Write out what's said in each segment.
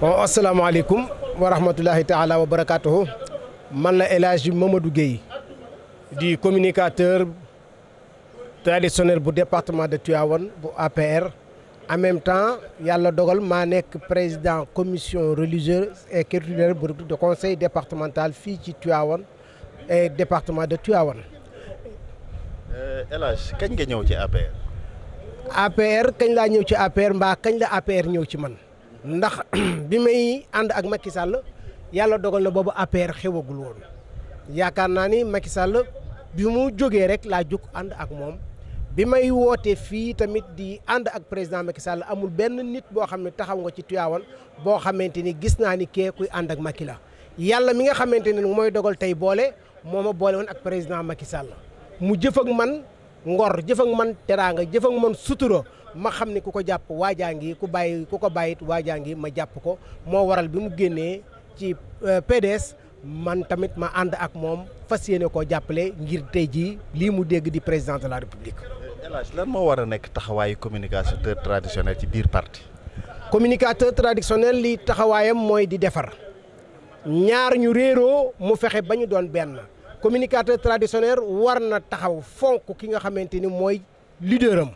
bon asalaamaaleykum wa rahmatulahi taala wa barakaatuhu man la El Hadji Mamadou Guèye di communicateur traditionnel bu département de Tivaouane bu APR en même temps yàlla dogal maa nekk président commission religieuse et culturelle bu de conseil départemental fii ci Tivaouane et département de Tivaouane. Euh, El kañ ga ñëw ci APR. APR kañ laa ñëw ci APR mbaa kañ la APR ñëw ci man. ndax bi may ànd ak Macky yàlla dogal na boobu APR xewagul woon yaakaar naa ni Macky bi mu jógee rek laa jóg ànd ak moom bi may wootee fii tamit di ànd ak président Macky Sall amul benn nit boo xam ne taxaw nga ci Tivaouane boo xamante ni gis naa ni kee kuy ànd ak Macky yàlla mi nga xamante ne mooy dogal tey boole moo ma boole woon ak président Macky Sall mu jëf ak man ngor jëf ak man teraanga jëf ak man sutura ma xam ne ku ko jàpp waa jaa ngi ku bàyyi ku ko bàyyit jaa ngi ma jàpp ko moo waral bi mu génnee ci euh, PDS man tamit ma ànd ak moom fas yéene koo jàppale ngir tey jii lii mu dégg di président de la république. lan moo war a nekk taxawaayu communicateur traditionnel ci biir parti. communicateur traditionnel li taxawaayam mooy di defar ñaar ñu réeroo mu fexe ba ñu doon benn communicateur traditionnel war na taxaw fonk ki nga xamante ni mooy leader am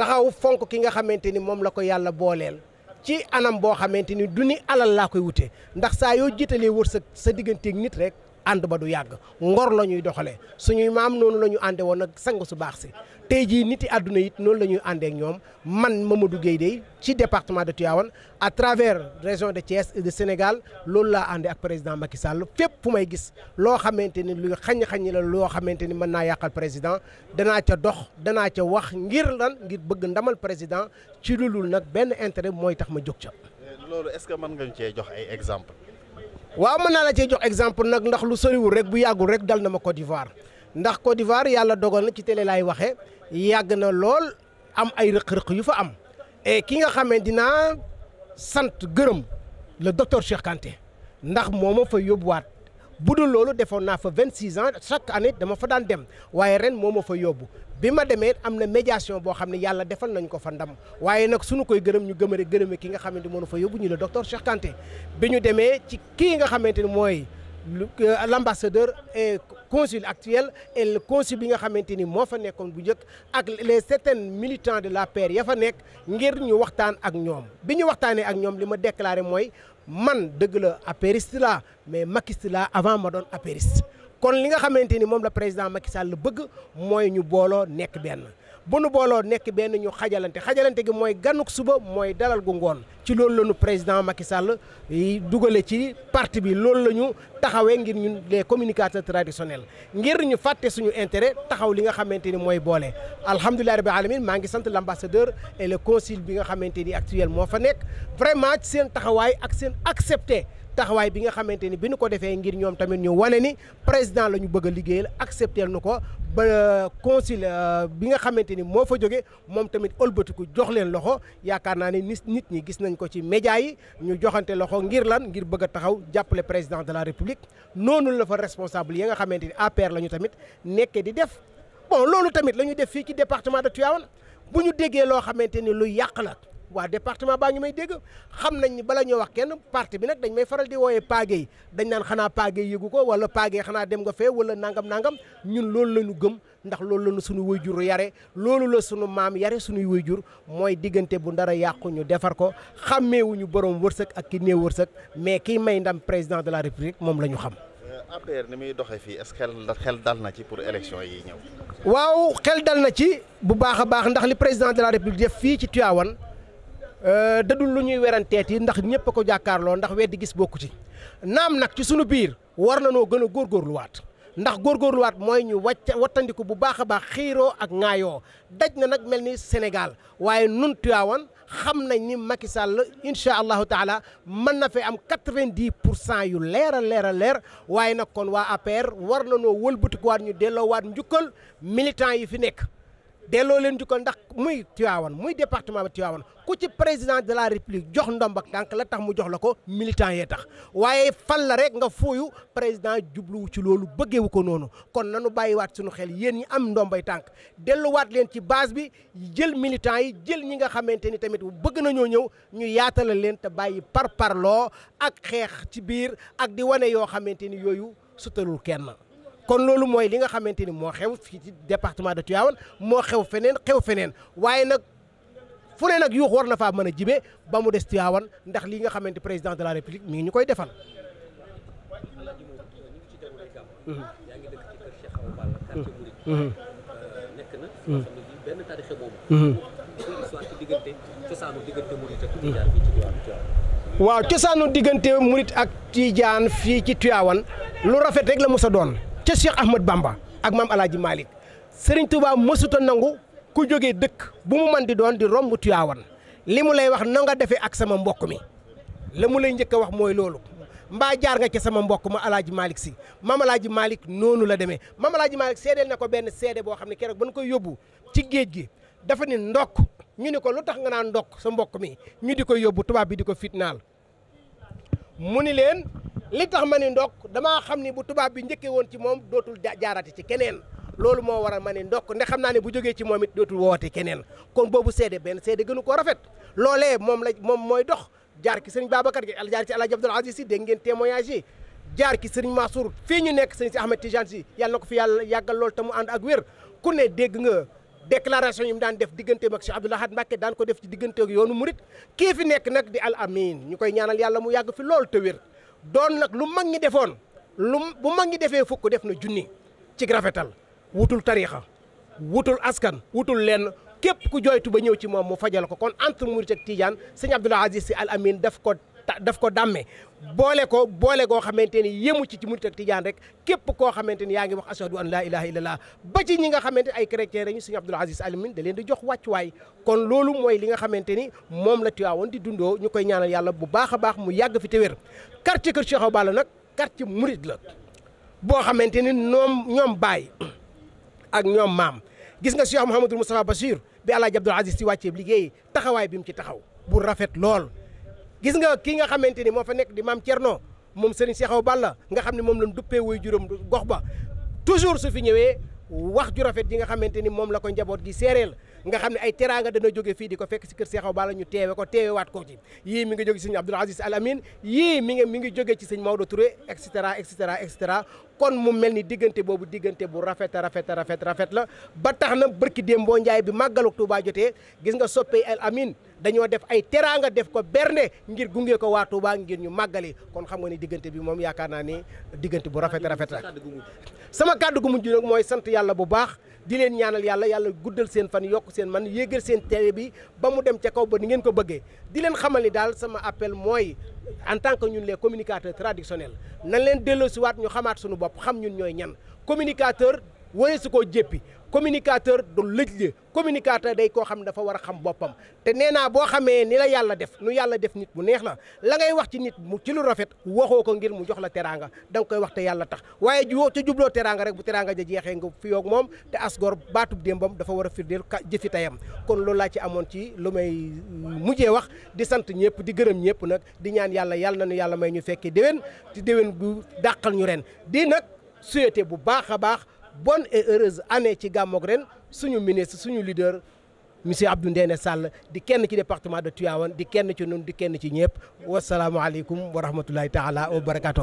taxaw fonk ki nga xamante ni moom la ko yàlla booleel ci anam boo xamante ni du ni alal laa koy wute ndax saa yoo jiitalee wërsëg sa sa digganteeg nit rek ànd ba du yàgg ngor la ñuy doxalee suñuy maam noonu la ñu àndee woon nag sang su baax si tey jii nit yi àdduna it noonu la ñuy àndee ñoom man Mamadou Gueye dey ci département de Tivaouane à travers région de Thiès de Sénégal loolu laa àndee ak président Macky Sall fépp fu may gis loo xamante ni luy xañ-xañ la loo xamante ni mën naa yàqal président danaa ca dox danaa ca wax ngir lan ngir bëgg ndamal président ci lu nag benn intérêt mooy tax ma jóg ca. loolu est-ce que mën nga cee jox ay exemple waaw mën naa la cee jox exemple nag ndax lu soriwul rek bu yàggul rek dal na ma Côte d'Ivoire ndax Côte d'Ivoire yàlla dogal na ci télé laay waxee yàgg na lool am ay rëq-rëq yu fa am et ki nga xamee dinaa sant gërëm le docteur Cheikh ndax moo ma fa yóbbuwaat bu dul loolu defoon naa fa vingt 26 ans chaque année dama fa daan dem waaye ren moo ma fa yóbbu bi ma demee am na médiation boo xam ne yàlla defal nañ ko fa ndam waaye nag suñu koy gërëm ñu gëmëre gërëme ki nga xamante moo nu fa yóbbu ñu la docteur Cheikh Kanté bi ñu demee ci kii nga xamante ni mooy Euh, l'ambassadeur et consul actuel et le consul bi nga xamante ni moo fa nekkoon bu njëkk ak les certains militants de la l'APR ya fa nekk ngir ñu waxtaan ak ñoom bi ñu waxtaanee ak ñoom li ma déclaré mooy man dëgg la apériste la mais makiste la avant ma doon apériste kon li nga xamante ni moom la président Macky la bëgg mooy ñu booloo nekk benn bu nu booloo nekk benn ñu xajalante xajalante gi mooy ganuk suba mooy dalal gu ngoon ci loolu la ñu président Macky Sall eh, dugale ci parti bi loolu la ñu taxawee ngir ñun les communicateurs traditionnels ngir ñu fàtte suñu intérêt taxaw li nga xamante ni mooy boole. alhamdulilah rabbi alamin maa ngi sant l' ambassadeur et le consul bi nga xamante ni actuel moo fa nekk vraiment seen taxawaay ak seen accepté. taxawaay bi nga xamante ni bi ñu ko defee ngir ñoom tamit ñu wane ni président la ñu bëgg a liggéeyal accepté nu ko ba euh, conseil euh, bi nga xamante ni moo fa jóge moom tamit ëlbatiku jox leen loxo yaakaar naa ne nit nit ñi gis nañ ko ci média yi ñu joxante loxo ngir lan ngir bëgg taxaw jàppale président de la république noonu la fa responsable yi nga xamante ni APR la ñu tamit nekkee di def bon loolu tamit la ñu def fii ci département de Tivaouane bu ñu déggee loo xamante ni lu yàq la waa département baa ñu may dégg xam nañ ni bala ñoo wax kenn parti bi nag dañ may faral di wooyee paagey dañ naan xanaa paagey yëgu ko wala paagey xanaa dem nga fee wala nangam nangam ñun loolu la ñu gëm ndax loolu la ñu suñu wayjur yare loolu la suñu maam yare suñuy wayjur mooy diggante bu ndara yàqu ñu defar ko xàmmeewuñu borom wërsëg ak ki néew wërsëg mais kiy may ndam président de la république moom la ñu xam. Euh, APR ni muy doxee fii est-ce xel xel dal na ci pour élection yi ñëw. waaw xel dal na ci bu baax a baax ndax li président de def fii ci Tivaouane. Euh, dadul lu ñuy weranteeti ndax ñëpp a ko jàkkaarloo ndax weddi gis bokku ci naam nag ci sunu biir war na noo gën a góorgóorluwaat ndax góor góorluwaat mooy ñu wacca wattandiku bu baax a baax xiiroo ak ŋaayoo daj na nag mel ni Sénégal waaye nun Tiwaawan xam nañ ni Macky Sall incha allahu taala mën na fee am quatre pour cent yu leer a leer a leer waaye nag kon waa APR war na noo wëlbatikuwaat ñu delloowaat njukkal militant yi fi nekk delloo leen jukkal ndax muy Tivaouane muy département bi Tivaouane ku ci président de la république jox ndombak tànk la tax mu jox la ko militant yee tax waaye fal la rek nga fooyu président jubluwu ci loolu bëggewu ko noonu kon nanu bàyyiwaat suñu xel yéen ñi am ndombay tànk delluwaat leen ci base bi jël militant yi jël ñi nga xamante ni tamit bëgg nañoo ñëw ñu yaatalal leen te bàyyi par parloo ak xeex ci biir ak di wane yoo xamante ni yooyu sutalul kenn kon loolu mooy li nga xamante ni moo xew fii ci département de Tivaouane moo xew feneen xew feneen waaye nag nag yuux na faa mën a jibee ba mu des Tivaouane ndax li nga xamante président de la république mi ngi ñu koy defal. nekk na. waaw cosaanu diggante murit ak tijaan fii ci Tivaouane lu rafet rek la mos a doon. ca Cheikh Ahmad Bamba ak maam El Hadj sëriñ tubaab Touba mësuta nangu ku jógee dëkk bu mu mën di doon di romb Tiwaawan li mu lay wax na nga defee ak sama mbokk mi la mu lay njëkk a wax mooy loolu mbaa jaar nga ci sama mbokk ma El malik Malick si maam El Hadj Malick noonu la demee maam El Hadj Malick seedeel na ko benn seede boo xam ne keroog ba ñu koy yóbbu ci géej gi dafa ni ndokk ñu ni ko lu tax nga naan ndokk sa mbokk mi ñu di ko yóbbu tubaab bi di ko fitnaal mu li tax ma ni ndokk damaa xam ni bu tubaab bi njëkkee woon ci moom dootul jaarati ci keneen loolu moo waral ma ni ndokk ndax xam naa ne bu jógee ci moom it dootul woote keneen kon boobu seede benn seede gënu ko rafet loolee moom la moom mooy dox jaar ki sëriñ Babacar gi jaar ci Alaaji Abdul Aziz Si dégg ngeen témoignage yi jaar ki sëriñ Mansour fii ñu nekk sëriñ si Ahmed Tidiane si yàlla na ko fi yàlla yàggal loolu te mu ànd ak wér ku ne dégg nga déclaration yi mu daan def digganteem ak Cheikh Abdoul Ahad Mbacké daan ko def ci diggante ak yoonu murit kii fi nekk nag di al ñu koy yàlla mu yàgg fi loolu te doon nag lu mag ñi defoon lu bu mag ñi defee fukk def na junni ci rafetal wutul tariixa wutul askan wutul lenn képp ku jooytu ba ñëw ci moom mu fajal ko kon entre murit ak tijaan sëñ Abdoul Aziz Sy Al Amine daf ko daf ko dàmme boole ko boole goo xamante ni yemu ci ci murit ak tijaan rek képp koo xamante ni yaa ngi wax ashadu an laa ilaha illallah ba ci ñi nga xamante ay chrétien lañu sëñ Abdul Aziz Alamin da leen di jox wàccuwaay kon loolu mooy li nga xamante ni moom la ti Tiwaawoon di dundoo ñu koy ñaanal yàlla bu baax a baax mu yàgg fi te wér quartier kër Cheikh Awa nag nag quartier murit la boo xamante ni ñoom ñoom baay ak ñoom maam gis nga Cheikh Mouhamadul Moustapha Bachir bi Alaaji Abdul Aziz si wàcceeb liggéey taxawaay bi mu ci taxaw bu rafet lool gis nga kii nga xamante ni moo fa nekk di maam Thierno moom Serigne Cheikh Awa Balla nga xam ne moom lañ duppee woy juróom gox ba toujours su fi ñëwee wax ju rafet ji nga xamante ni moom la ko njaboot gi seereel nga xam ne ay teraanga dana jóge fii di ko fekk si kër Seexaw Balla ñu teewe ko teewewaat ko ci mi ngi jóge si sëñ Abdoul Aziz Al mi ngi mi ngi jóge ci sëñ Maodo Touré et cetera et cetera et kon mu mel ni diggante boobu diggante bu rafet rafet rafet rafet la ba tax na bërki démboo njaay bi màggalu Touba jotee gis nga soppey Amin dañoo def ay teraanga def ko berne ngir gunge ko waa Touba ngir ñu màggali kon xam nga ni diggante bi moom yaakaar naa ni diggante bu rafet rafet la sama kàddu gu mujj nag mooy sant yàlla bu baax di leen ñaanal yàlla yàlla guddal seen fan yokk seen man yéegal seen télé bi ba mu dem ca kaw ba ni ngeen ko bëggee di leen xamal ni daal sama appel mooy en tant que ñun les communicateurs traditionnels nan leen delloosiwaat ñu xamaat suñu bopp xam ñun ñooy ñan communicateur wooye si ko jéppi communicateur du lëj li communicateur day koo xam ne dafa war a xam boppam te nee naa boo xamee ni la yàlla def nu yàlla def nit mu neex na la ngay wax ci nit mu ci lu rafet waxoo ko ngir mu jox la teraanga danga koy wax te yàlla tax waaye woo ca jubloo teraanga rek bu teraanga ja jeexee nga fi yoog moom te asgor bu démbam dafa war a firndeel ka jëfi tayam kon loolu laa ci amoon ci lu may mm, mujjee wax di sant ñëpp di gërëm ñëpp nag di ñaan yàlla yàlla nañu yàlla may ñu fekkee déwén te déwén bu dàqal ñu ren di nag souhaité bu baax a baax bon e heureuse année ci gàmmoog ren suñu ministre suñu lideur monsieur Abdou Ndéné Sall di kenn ci département de Tivaouane di kenn ci nun di kenn ci ñëpp wasalaamualeykum wa rahmatulahi taala wa barakaatu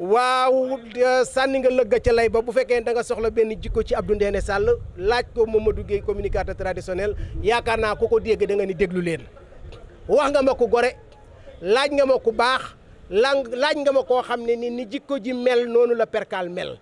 waaw sanni nga lëgg ca lay ba bu fekkee da nga soxla benn jikko ci Abdou Ndéné Sall laaj ko Mamadou Gueye communicateur traditionnel yaakaar naa ko ko dégg da nga ni déglu leen wax nga ma ko gore laaj nga ma ko baax la laaj nga ma koo xam ne ni ni jikko ji mel noonu la perkaal mel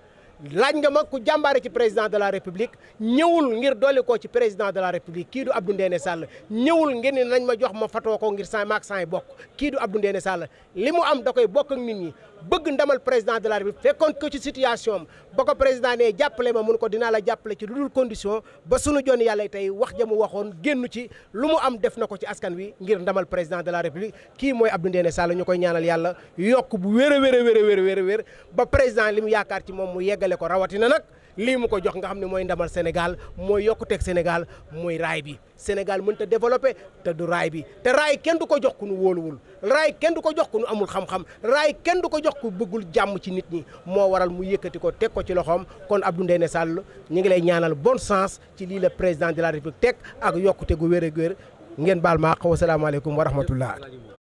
laaj nga ma ku jàmbaare ci président de la république ñëwul ngir dolli ko ci président de la république kii du Abdou Ndéné Sall ñëwul ngeen ne nañ ma jox ma fatoo ko ngir saa maak i bokk kii du Abdou Ndéné Sall li mu am da koy bokk ak nit ñi bëgg ndamal président de la République fekkoon ko ci situation am ko président ne jàppale ma mun ko dinaa la jàppale ci lu dul condition ba sunu joon yàlla tey wax ja mu waxoon génn ci lu mu am def na ko ci askan wi ngir ndamal président de la République kii mooy Abdou Ndéné Sall ñu koy ñaanal yàlla yokk bu wér a wér wér a wér wér ba président li mu yaakaar ci moom mu yeggale ko rawatina nag lii mu ko jox nga xam ne mooy ndamal Sénégal mooy yokkuteeg Sénégal mooy raay bi Sénégal mënut ta développé te du raay bi te raay kenn du ko jox ku nu wóoluwul raay kenn du ko jox ku nu amul xam-xam raay kenn du ko jox ku bëggul jàmm ci nit ñi moo waral mu yëkkati ko teg ko ci loxoom kon Abdou Ndéné Sall ñu ngi lay ñaanal bon sens ci lii la président de la République teg ak yokkute gu wér a wér ngeen baal maa xaw asalaamaaleykum wa rahmatullah